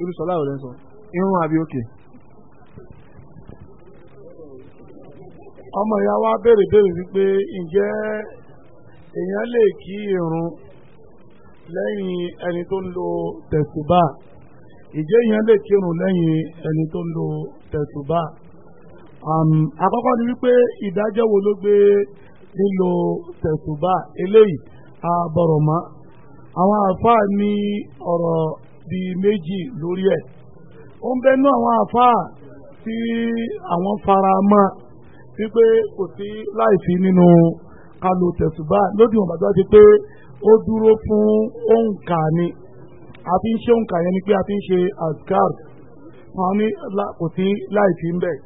irú sọlá ò lẹ́sọ irun àbí òkè. ọmọ ìyá wa béèrè béèrè wípé ǹjẹ́ èèyàn lè kí irun lẹ́yìn ẹni tó ń lo tẹ̀sùbà ǹjẹ́ èèyàn lè kí irun lẹ́yìn ẹni tó ń lo tẹ̀sùbà. àkọ́kọ́ ni wípé ìdájọ́ wo ló gbé lílo tẹ̀sùbà eléyìí àbọ̀rọ̀mọ́ àwọn àáfàá ní ọ̀rọ̀ bíi méjì lórí ẹ̀ ó ń bẹ́nu àwọn àfáà tí àwọn fara mọ́ wípé kò sí láìsí nínú kálò tẹ̀sùbá lódì wọn bàbá ti pé ó dúró fún òǹkà ni a fi ń ṣe òǹkà yẹn ni pé a fi ń ṣe asgar wọn ní kò sí láìsí ń bẹ̀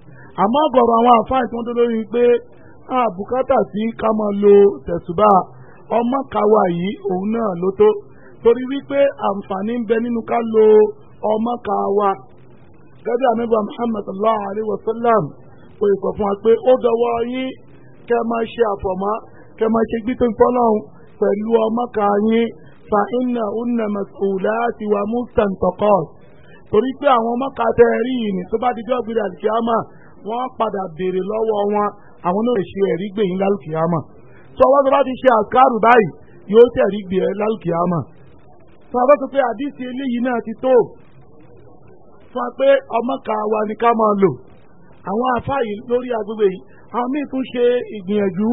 àmọ́ ọ̀gọ̀rọ̀ àwọn àfáà tí wọ́n tó lórí pé àbùkátà sí ká máa lo tẹ̀sùbá ọmọ yìí òun náà ló tó torí wípé àǹfààní ń bẹ nínú ká lo ọmọ ká wa gẹ́gẹ́ àmẹ́bà Muhammad sallallahu alayhi wa sallam kò ì sọ fún wa pé ó dọwọ́ yín kẹ́ máa ṣe àfọ̀mọ́ kẹ́ máa ṣe gbígbé fọlọ́hún pẹ̀lú ọmọ ká yín fa inna unna mas'ulati wa mustantaqat torí pé àwọn ọmọ ká tẹ́ rí yìí ní tó bá di dọ́gbìn àlùkìyàmà wọ́n padà béèrè lọ́wọ́ wọn àwọn náà ṣe ẹ̀rí gbè yín lálùkìyàmà tó wọ́n tó bá ti ṣe àkárù báyìí yóò tẹ̀rí gbè ẹ́ lálùkìyàmà tó a bá sọ pé àdìsí eléyìí náà ti tó fún wa pé ọmọ kan wa ni ká máa lò àwọn afáàyè lórí agbègbè yìí àwọn míì tún ṣe ìgbìyànjú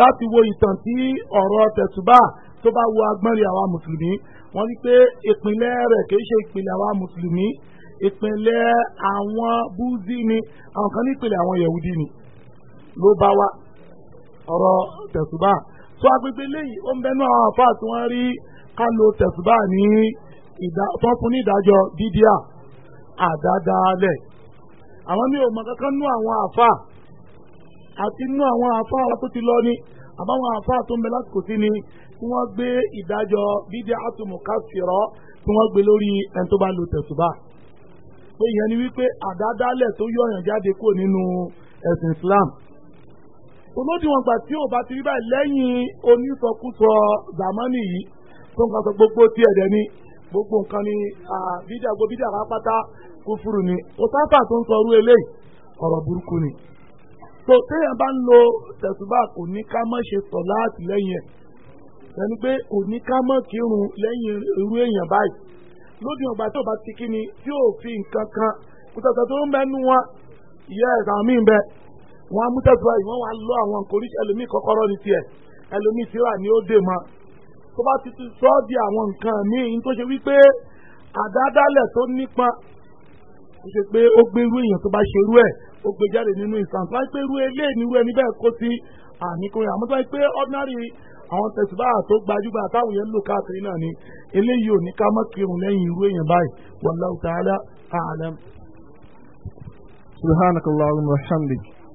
láti wo ìtàn tí ọ̀rọ̀ tẹ̀sùbà tó bá wo agbọ́nrin àwa mùsùlùmí wọ́n ní pé ìpínlẹ̀ rẹ̀ kì í ṣe ìpínlẹ̀ àwa mùsùlùmí ìpínlẹ̀ àwọn búzí ni àwọn kan ní ìpínlẹ̀ àwọn yẹ̀wúdí ni ló bá wa ọ̀rọ̀ tẹ̀sùbà tó agbègbè lẹ́yìn ó ń bẹnu àwọn àfáà tí wọ́n rí ká lo tẹ̀sùbà ní tó fún ní ìdájọ́ dídíà àdádálẹ̀ àwọn mi ò mọ kankan nú àwọn àfáà àti nú àwọn àfáà wa tó ti lọ ni àbáwọn àfáà tó ń bẹ lásìkò sí ni tí wọ́n gbé ìdájọ́ dídíà àtùmùkásìrọ̀ tí wọ́n gbé lórí ẹni tó bá lo tẹ̀sùbà pé ìyẹn ni wípé àdádálẹ̀ tó yọ̀yàn Islam olódiwọ̀n gbà tí ò bá ti rí báyìí lẹ́yìn onísọkúsọ zamani yìí tó ń kàtó gbogbo tí ẹ̀dẹ̀ ni gbogbo nǹkan ni bídà gbogbo bídà rápátá kúfúrú ni kò sáfà tó ń sọrú eléyìí ọ̀rọ̀ burúkú ni. tó téèyàn bá ń lo tẹ̀sùbà kò ní ká má ṣe sọ láti lẹ́yìn ẹ̀ ẹni pé kò ní ká má kírun lẹ́yìn irú èèyàn báyìí lódiwọ̀n gbà tí ò bá ti kí ni tí ò fi kò tẹ̀sán tó ń wọn á mú tẹsán yìí wọn wá lọ àwọn nǹkan oríṣi ẹlòmíì kọ́kọ́rọ́ ní tiẹ̀ ẹlòmíì síra ni ó dè mọ́ tó bá ti ti sọ di àwọn nǹkan míì tó ṣe wípé àdádálẹ̀ tó nípọn tó ṣe pé ó gbé irú èèyàn tó bá ṣerú ẹ̀ ó gbé jáde nínú ìsàǹtà wáyé pé irú eléyìí nírú ẹni bẹ́ẹ̀ kó sí àníkùnrin àmọ́ tó wáyé pé ordinary àwọn tẹ̀síbá tó gbajúgbà táwọn yẹn lò káàkiri náà ni eléyìí ò ní ká mọ́ kírun lẹ́yìn irú èèyàn báyìí wallahu ta'ala a'lam. subhanakallahumma wa hamdik.